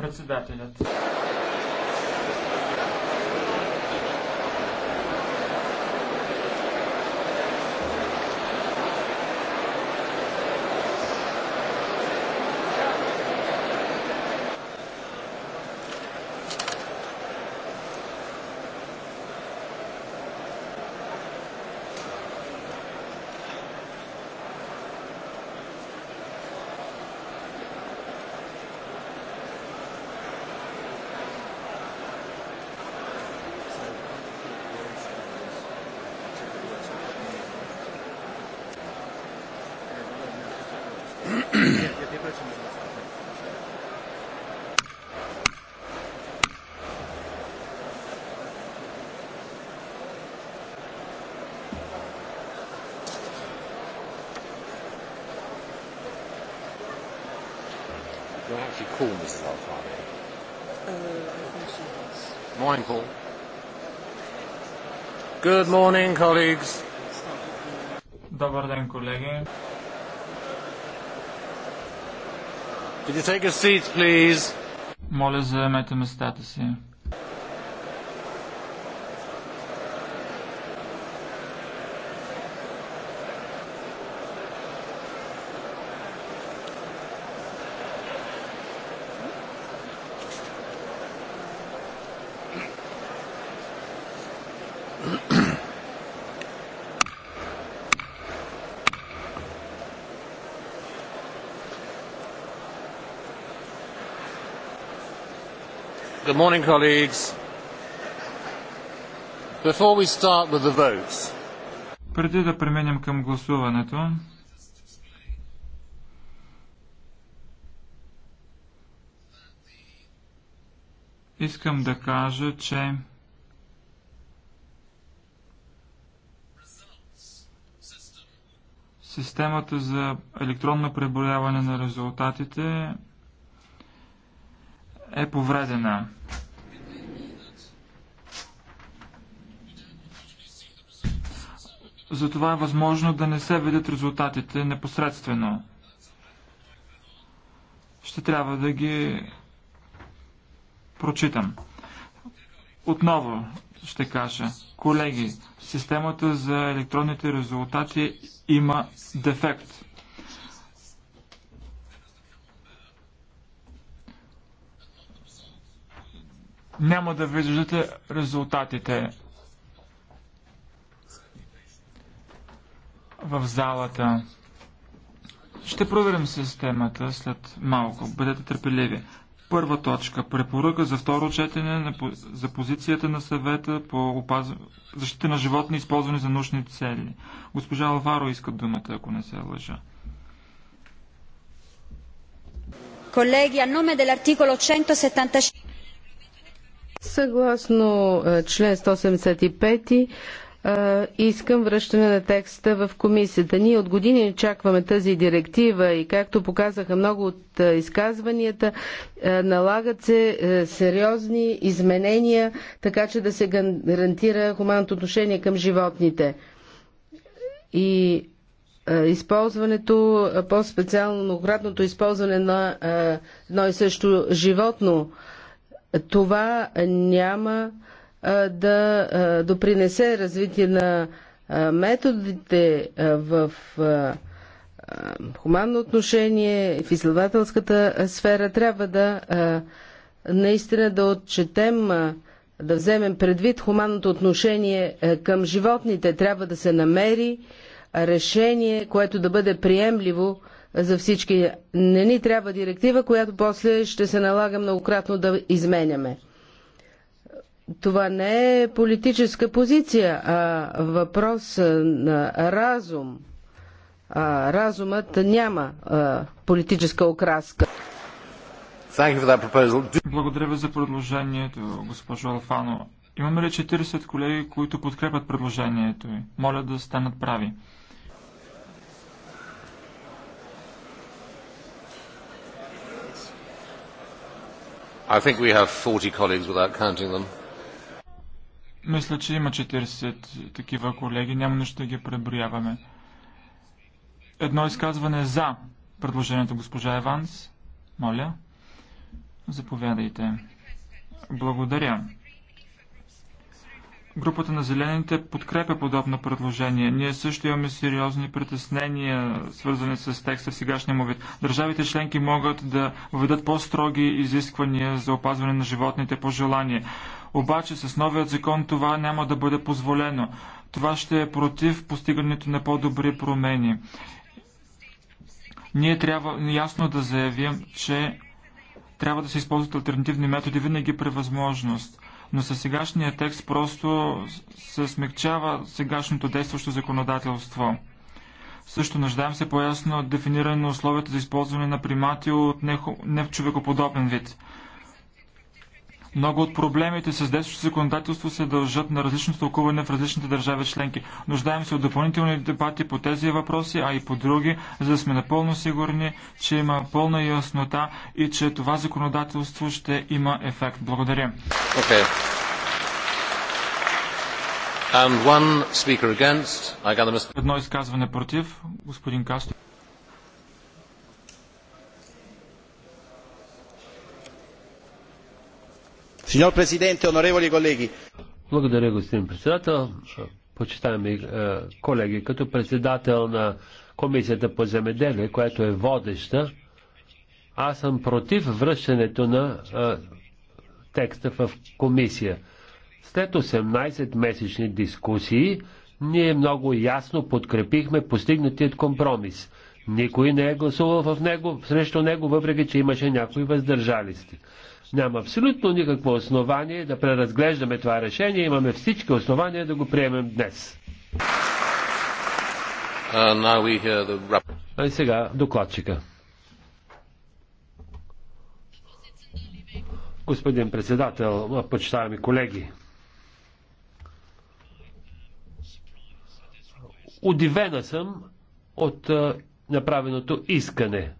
председателят. You're actually cool, Mrs. Alfani? Uh, I think she Morning, Paul. Good morning, colleagues. Добър ден, колеги. Could you take a seat, please? Моля, заемете местата си. Good morning, colleagues. Before we start with the votes, преди да преминем към гласуването, искам да кажа, че системата за електронно преброяване на резултатите е повредена. Затова е възможно да не се видят резултатите непосредствено. Ще трябва да ги прочитам. Отново ще кажа, колеги, системата за електронните резултати има дефект. Няма да виждате резултатите в залата. Ще проверим системата след малко. Бъдете търпеливи. Първа точка. Препоръка за второ четене на, за позицията на съвета по опаз... защита на животни, използвани за научни цели. Госпожа Алваро иска думата, ако не се лъжа. Колеги, а номе дел артиколо 176... Съгласно е, член 175 искам връщане на текста в комисията. Ние от години очакваме тази директива и както показаха много от изказванията, налагат се сериозни изменения, така че да се гарантира хуманното отношение към животните. И използването, по-специално многократното използване на едно и също животно, това няма да допринесе развитие на методите в хуманно отношение, в изследователската сфера. Трябва да наистина да отчетем, да вземем предвид хуманното отношение към животните. Трябва да се намери решение, което да бъде приемливо за всички. Не ни трябва директива, която после ще се налага многократно да изменяме това не е политическа позиция, а въпрос на разум. А, разумът няма а, политическа окраска. Благодаря ви за предложението, госпожо Алфано. Имаме ли 40 колеги, които подкрепят предложението ви? Моля да станат прави. I think we have 40 colleagues without counting them. Мисля, че има 40 такива колеги, няма нужда да ги преброяваме. Едно изказване за предложението госпожа Еванс. Моля, заповядайте. Благодаря. Групата на зелените подкрепя подобно предложение. Ние също имаме сериозни притеснения, свързани с текста в сегашния му вид. Държавите членки могат да введат по-строги изисквания за опазване на животните по желание. Обаче с новият закон това няма да бъде позволено. Това ще е против постигането на по-добри промени. Ние трябва ясно да заявим, че трябва да се използват альтернативни методи винаги при възможност. Но със сегашния текст просто се смягчава сегашното действащо законодателство. Също нуждаем се по-ясно дефиниране на условията за използване на примати от не в човекоподобен вид. Много от проблемите с действащото законодателство се дължат на различно тълкуване в различните държави членки. Нуждаем се от допълнителни дебати по тези въпроси, а и по други, за да сме напълно сигурни, че има пълна яснота и че това законодателство ще има ефект. Благодаря. Okay. Against... Got... Едно изказване против, господин Кастов. Signor Presidente, onorevoli колеги. Благодаря, господин председател. Почитаеми е, колеги, като председател на Комисията по земеделие, която е водеща, аз съм против връщането на е, текста в комисия. След 18-месечни дискусии, ние много ясно подкрепихме постигнатият компромис. Никой не е гласувал в него, срещу него, въпреки че имаше някои въздържалисти. Няма абсолютно никакво основание да преразглеждаме това решение. Имаме всички основания да го приемем днес. Uh, the... И сега докладчика. Господин председател, почитаеми колеги, удивена съм от направеното искане.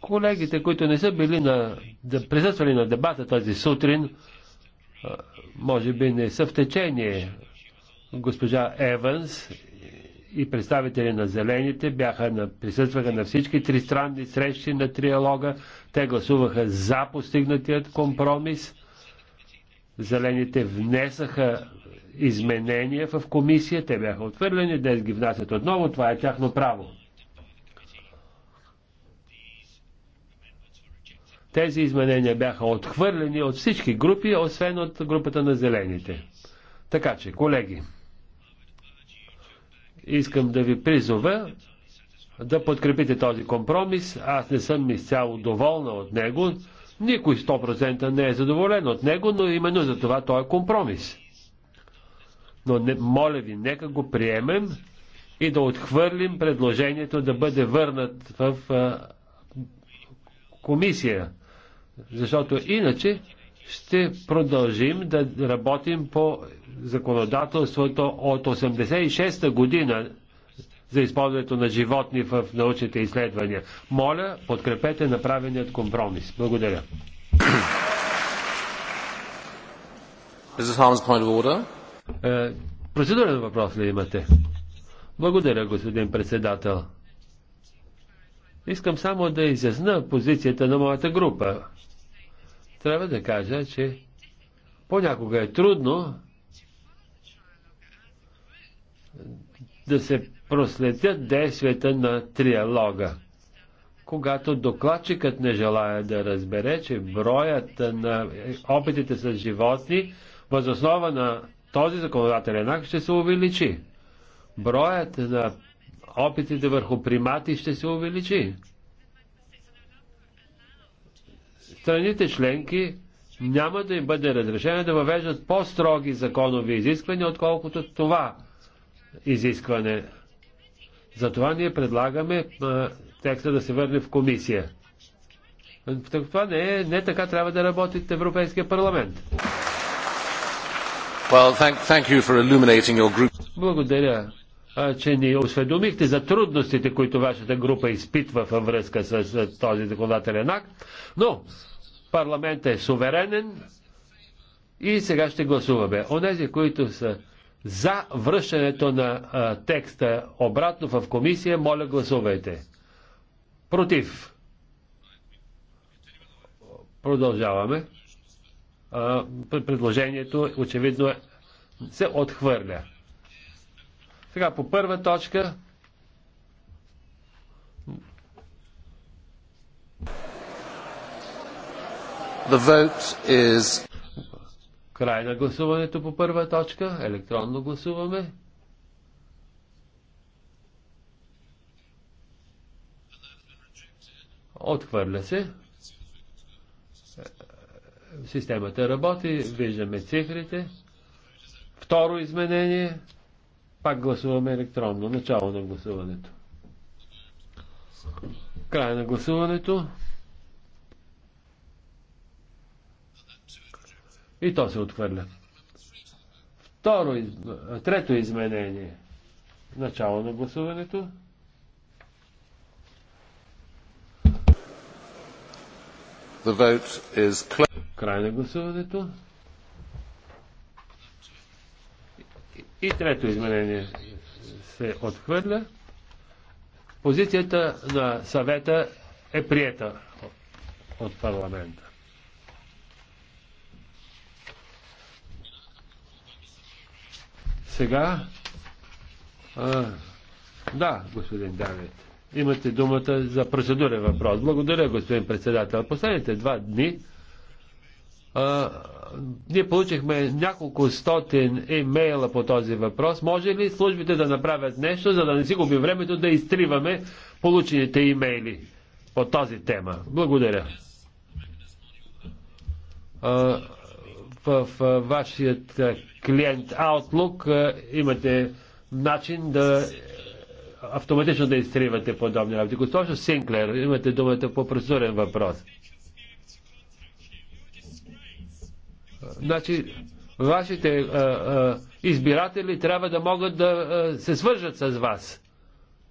Колегите, които не са били на, да присъствали на дебата тази сутрин, може би не са в течение. Госпожа Еванс и представители на зелените бяха на, присъстваха на всички тристранни срещи на триалога. Те гласуваха за постигнатият компромис. Зелените внесаха изменения в комисия. Те бяха отвърлени, днес ги внасят отново. Това е тяхно право. Тези изменения бяха отхвърлени от всички групи, освен от групата на зелените. Така че, колеги, искам да ви призова да подкрепите този компромис. Аз не съм изцяло доволна от него. Никой 100% не е задоволен от него, но именно за това той е компромис. Но не, моля ви, нека го приемем и да отхвърлим предложението да бъде върнат в а, комисия. Защото иначе ще продължим да работим по законодателството от 86-та година за използването на животни в научните изследвания. Моля, подкрепете направеният компромис. Благодаря. Е, процедурен въпрос ли имате? Благодаря, господин председател. Искам само да изясна позицията на моята група трябва да кажа, че понякога е трудно да се проследят действията на триалога. Когато докладчикът не желая да разбере, че броят на опитите с животни възоснова на този законодателен акт ще се увеличи. Броят на опитите върху примати ще се увеличи страните членки няма да им бъде разрешено да въвеждат по-строги законови изисквания, отколкото това изискване. Затова ние предлагаме а, текста да се върне в комисия. Това не е, не така трябва да работи Европейския парламент. Well, thank, thank you for your group. Благодаря че ни осведомихте за трудностите, които вашата група изпитва във връзка с този законодателен акт, но парламентът е суверенен и сега ще гласуваме. Онези, които са за връщането на а, текста обратно в комисия, моля гласувайте. Против. Продължаваме. А, предложението очевидно се отхвърля. Сега по първа точка. The vote is... Край на гласуването по първа точка. Електронно гласуваме. Отхвърля се. Системата работи, виждаме цифрите. Второ изменение. Пак гласуваме електронно. Начало на гласуването. Край на гласуването. И то се отхвърля. Второ, трето изменение. Начало на гласуването. The vote is Край на гласуването. И трето изменение се отхвърля. Позицията на съвета е приета от парламента. Сега. А, да, господин Давид. Имате думата за процедура въпрос. Благодаря, господин председател. Последните два дни ние получихме няколко стотин имейла по този въпрос. Може ли службите да направят нещо, за да не си губи времето да изтриваме получените имейли по тази тема? Благодаря. в, в вашият клиент Outlook имате начин да автоматично да изтривате подобни работи. Госпожо Синклер, имате думата по процедурен въпрос. Значи, вашите а, а, избиратели трябва да могат да а, се свържат с вас.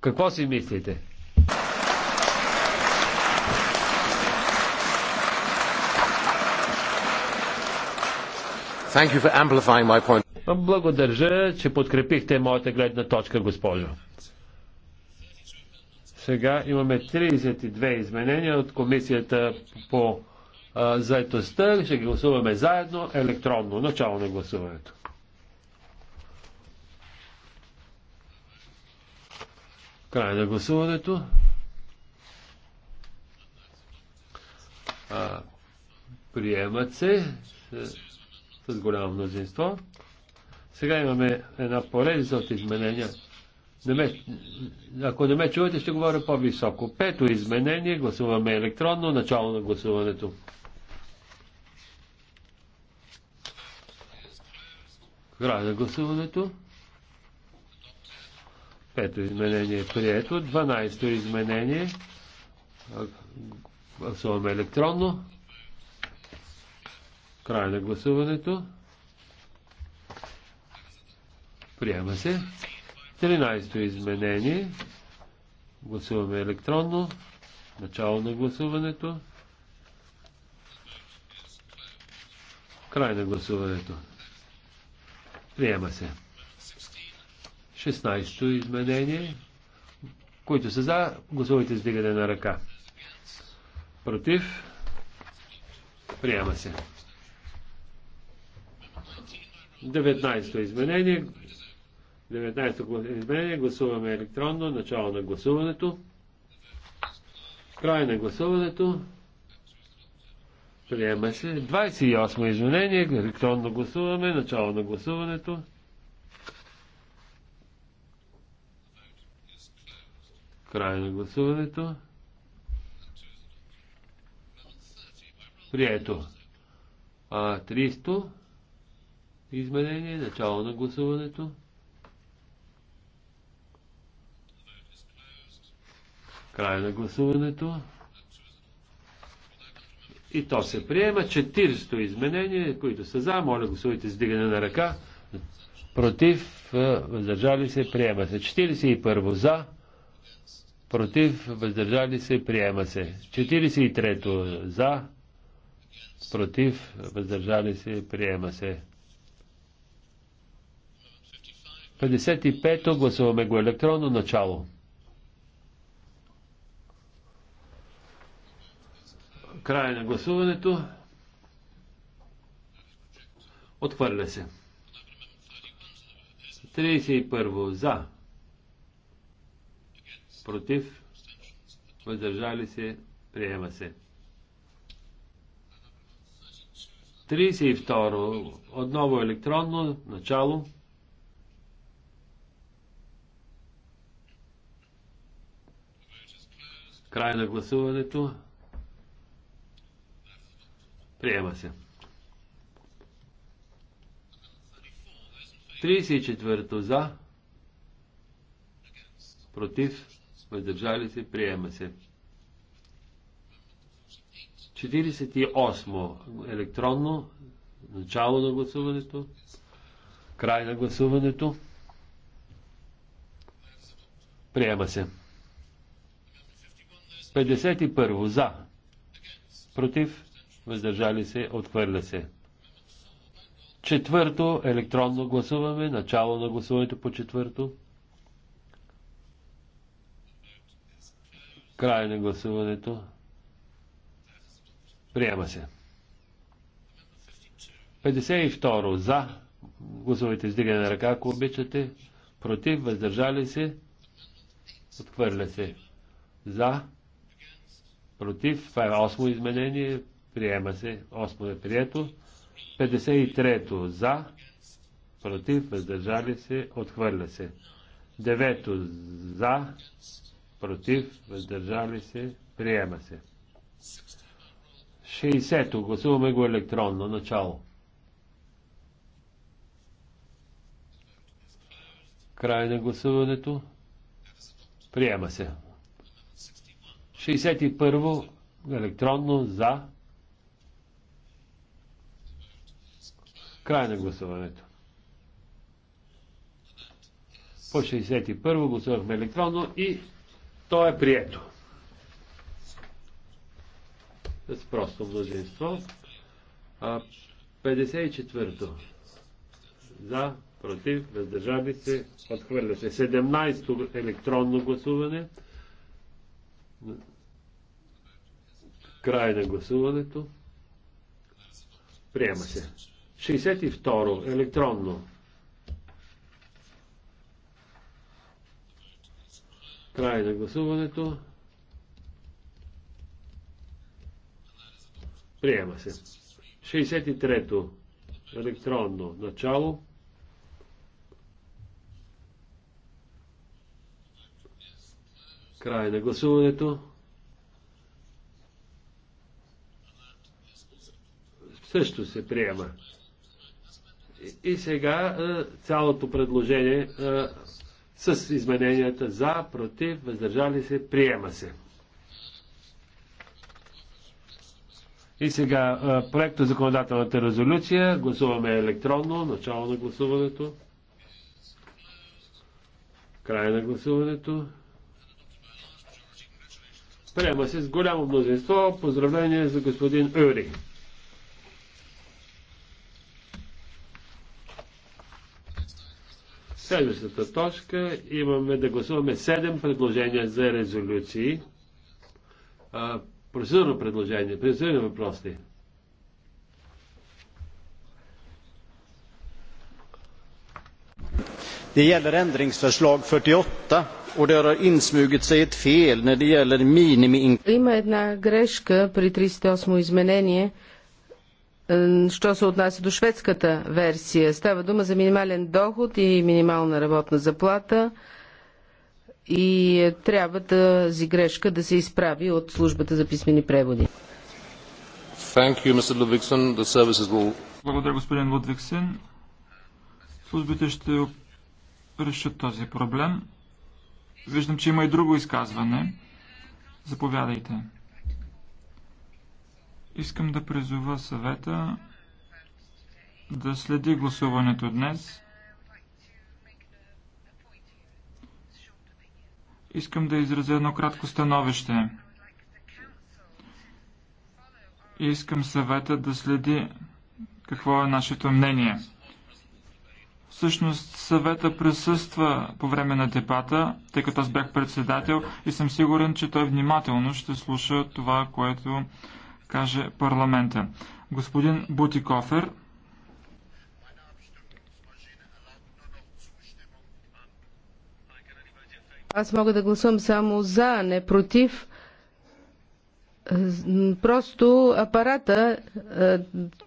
Какво си мислите? Thank you for amplifying my point. Благодаря, че подкрепихте моята гледна точка, госпожо. Сега имаме 32 изменения от комисията по заедостта. Ще гласуваме заедно електронно. Начало на гласуването. Край на гласуването. А, приемат се с, с голямо мнозинство. Сега имаме една поредица от изменения. Не ме, ако не ме чувате, ще говоря по-високо. Пето изменение. Гласуваме електронно. Начало на гласуването. Край на гласуването. Пето изменение е прието. 12-то изменение. Гласуваме електронно. Край на гласуването. Приема се. 13-то изменение. Гласуваме електронно. Начало на гласуването. Край на гласуването. Приема се. 16-то изменение. Които са за, гласувайте с дигане на ръка. Против. Приема се. 19-то изменение. 19-то изменение. Гласуваме електронно. Начало на гласуването. Край на гласуването. Приема се. 28 изменение. Електронно гласуваме. Начало на гласуването. Край на гласуването. Прието. А 300 изменение. Начало на гласуването. Край на гласуването. И то се приема. 400 изменения, които са за, моля гласувайте с дигане на ръка. Против, е, въздържали се, приема се. 41-во за, против, въздържали се, приема се. 43-то за, против, въздържали се, приема се. 55-то гласуваме го електронно начало. Край на гласуването. Отхвърля се. 31 за. Против. Въздържали се. Приема се. 32. Отново електронно. Начало. Край на гласуването. Приема се. 34-то за. Против. Въздържали се. Приема се. 48 електронно, начало на гласуването, край на гласуването. Приема се. 51 за, против, въздържали се, отхвърля се. Четвърто, електронно гласуваме, начало на гласуването по четвърто. Край на гласуването. Приема се. 52. За. Гласувайте с дигане на ръка, ако обичате. Против. Въздържали се. Отхвърля се. За. Против. Това е осмо изменение. Приема се. Осмо е прието. 53-то за, против, въздържали се, отхвърля се. 9-то за, против, въздържали се, приема се. 60-то гласуваме го електронно начало. Край на гласуването. Приема се. 61 то електронно за, Край на гласуването. По 61 гласувахме електронно и то е прието. С просто мнозинство. 54-то. За, против, въздържали се, отхвърля се. 17-то електронно гласуване. Край на гласуването. Приема се. 62 електронно. Край на гласуването. Приема се. 63-то електронно начало. Край на гласуването. Също се приема. И сега е, цялото предложение е, с измененията за, против, въздържали се, приема се. И сега е, проекта законодателната резолюция. Гласуваме електронно. Начало на гласуването. Край на гласуването. Приема се с голямо мнозинство. Поздравление за господин Юри. Следващата точка имаме да гласуваме 7 предложения за резолюции. Процедурно предложение, процедурни въпроси. Det gäller ändringsförslag 48 och det har insmugit sig ett fel när det gäller minimi... Има en грешка при 38 изменение Що се отнася до шведската версия, става дума за минимален доход и минимална работна заплата и е, трябва си грешка да се изправи от службата за писмени преводи. You, will... Благодаря, господин Лудвиксен. Службите ще решат този проблем. Виждам, че има и друго изказване. Заповядайте. Искам да призова съвета да следи гласуването днес. Искам да изразя едно кратко становище. И искам съвета да следи какво е нашето мнение. Всъщност съвета присъства по време на дебата, тъй като аз бях председател и съм сигурен, че той внимателно ще слуша това, което каже парламента. Господин Бутикофер, Аз мога да гласувам само за, не против. Просто апарата е,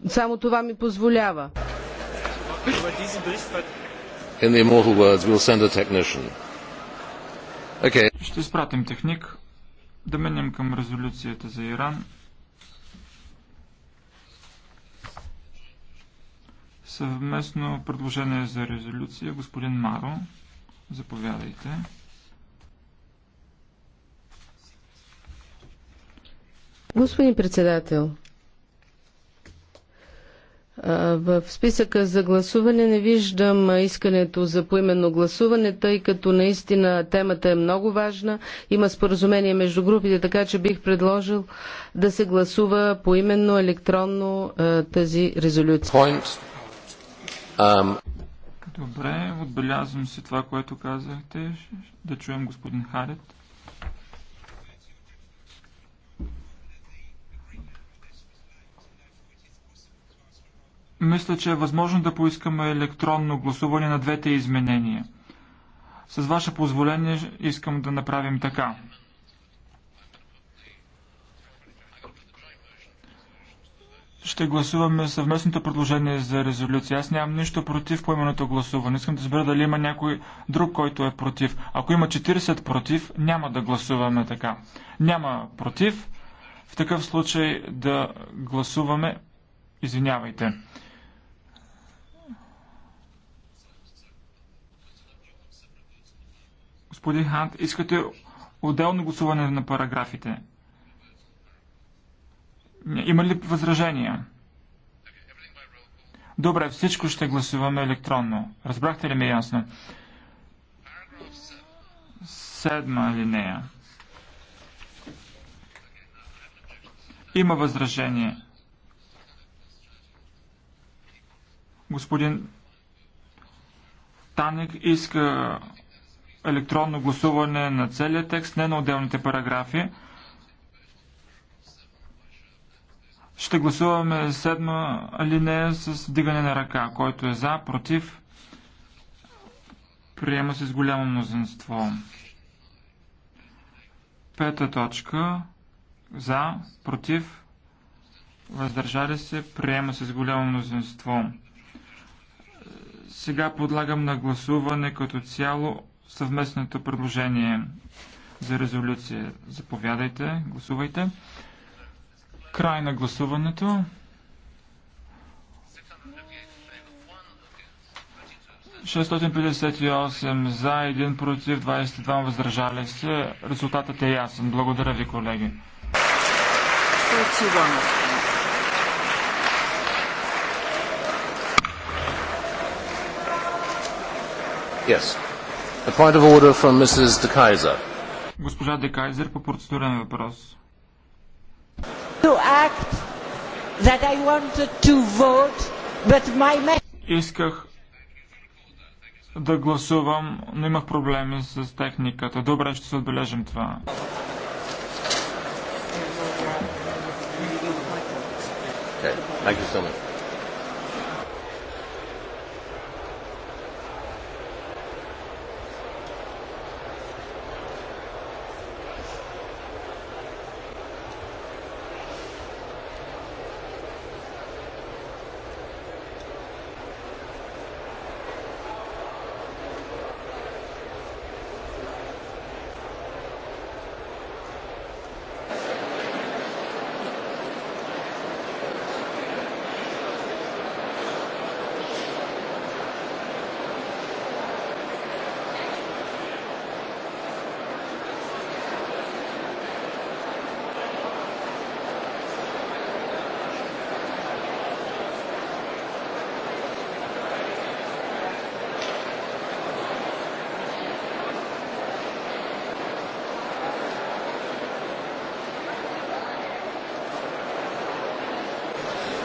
само това ми позволява. Words, we'll okay. Ще изпратим техник да минем към резолюцията за Иран. Съвместно предложение за резолюция. Господин Маро, заповядайте. Господин председател, в списъка за гласуване не виждам искането за поименно гласуване, тъй като наистина темата е много важна. Има споразумение между групите, така че бих предложил да се гласува поименно електронно тази резолюция. Um... Добре, отбелязвам си това, което казахте. Да чуем господин Харет. Мисля, че е възможно да поискаме електронно гласуване на двете изменения. С ваше позволение искам да направим така. Ще гласуваме съвместното предложение за резолюция. Аз нямам нищо против поименното гласуване. Искам да разбера дали има някой друг, който е против. Ако има 40 против, няма да гласуваме така. Няма против. В такъв случай да гласуваме. Извинявайте. Господин Хант, искате отделно гласуване на параграфите? Има ли възражения? Добре, всичко ще гласуваме електронно. Разбрахте ли ме ясно? Седма линея. Има възражение. Господин Таник иска електронно гласуване на целият текст, не на отделните параграфи. Ще гласуваме седма алинея с дигане на ръка. Който е за, против, приема се с голямо мнозинство. Пета точка. За, против, въздържали се, приема се с голямо мнозинство. Сега подлагам на гласуване като цяло съвместното предложение за резолюция. Заповядайте, гласувайте. Край на гласуването. 658 за, 1 против, 22 въздържали се. Резултатът е ясен. Благодаря ви, колеги. Yes. A point of order from Mrs. De Kaiser. Госпожа Де Кайзер по процедурен въпрос to act that I wanted to vote, but my Исках да гласувам, но имах проблеми с техниката. Добре, ще се отбележим това. Okay. Thank you so much.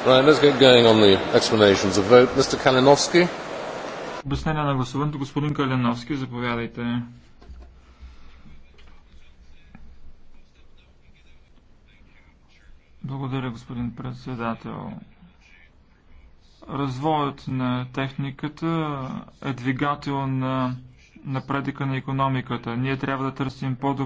Right, let's get going on the explanations of vote. Mr. Kalinowski. Обяснение на гласуването. Господин Калиновски, заповядайте. Благодаря, господин председател. Развоят на техниката е двигател на напредъка на економиката. Ние трябва да търсим по добре